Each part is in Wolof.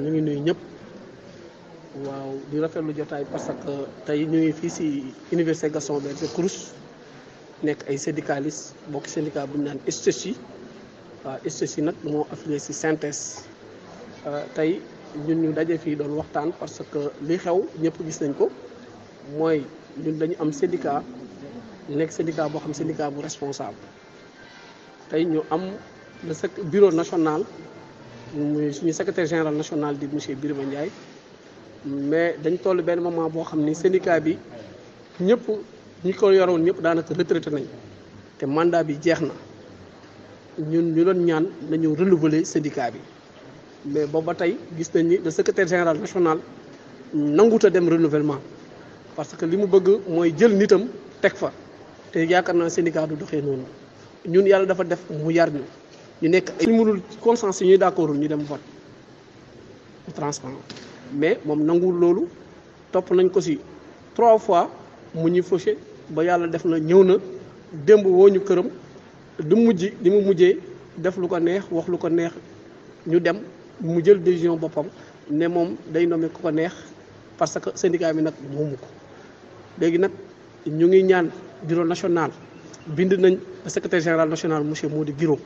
ñu ngi nuyu ñëpp waaw di rafetlu jotaay parce que tey ñu ngi fii si université Gaston Berger Crous nekk ay syndicaliste bokk syndicat bu ñu naan STECI waaw STECI nag moo affilié si CNTS euh, tey ñun ñu daje fii doon waxtaan parce que li xew ñëpp gis nañ ko mooy ñun dañu am syndicat nekk syndicat boo xam syndicat bu responsable tey ñu am le bureau national muy euh, suñu secrétaire général national di monsieur Birima Ndiaye mais dañ toll benn moment boo xam ni syndicat bi ñëpp ñi ko yoroon ñëpp daanaka retraité nañ te mandat bi jeex na ñun ñu doon ñaan nañu renouveler syndicat bi mais booba tey gis nañ ni le secrétaire général national nanguta dem renouvellement parce que li mu bëgg mooy jël nitam teg fa te yaakaar naa syndicat du doxee noonu ñun yàlla dafa def mu yar ñu. ñu nekk ay ñu mënul conscience yi ñuy d'accordul ñu dem vote transparent mais moom nanguwul loolu topp nañ ko si trois fois mu ñuy fauché ba yàlla def na ñëw na démb woo ñu këram du mujj li mu mujjee def lu ko neex wax lu ko neex ñu dem mu jël décision boppam ne moom day nommé ku ko neex parce que syndicat bi nag moomu ko léegi nag ñu ngi ñaan bureau national bind nañ secrétaire général national monsieur Mody Guiro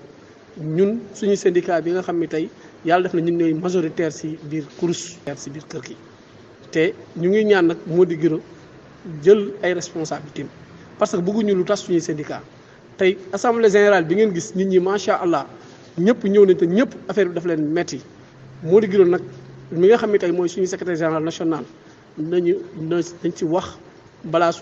ñun suñu syndicat bi nga xam ni tey yàlla def na ñun ñooy majoritaire si biir kurus si biir kër gi te ñu ngi ñaan nag moo di giro jël ay responsabilités parce que bëgguñu lu tas suñuy syndicat tey assemblée générale bi ngeen gis nit ñi macha allah ñëpp ñëw nañ te ñëpp affaire bi dafa leen metti moo di gërëm nag mi nga xam ne tey mooy suñu secrétaire général national nañu nañ ci wax balaa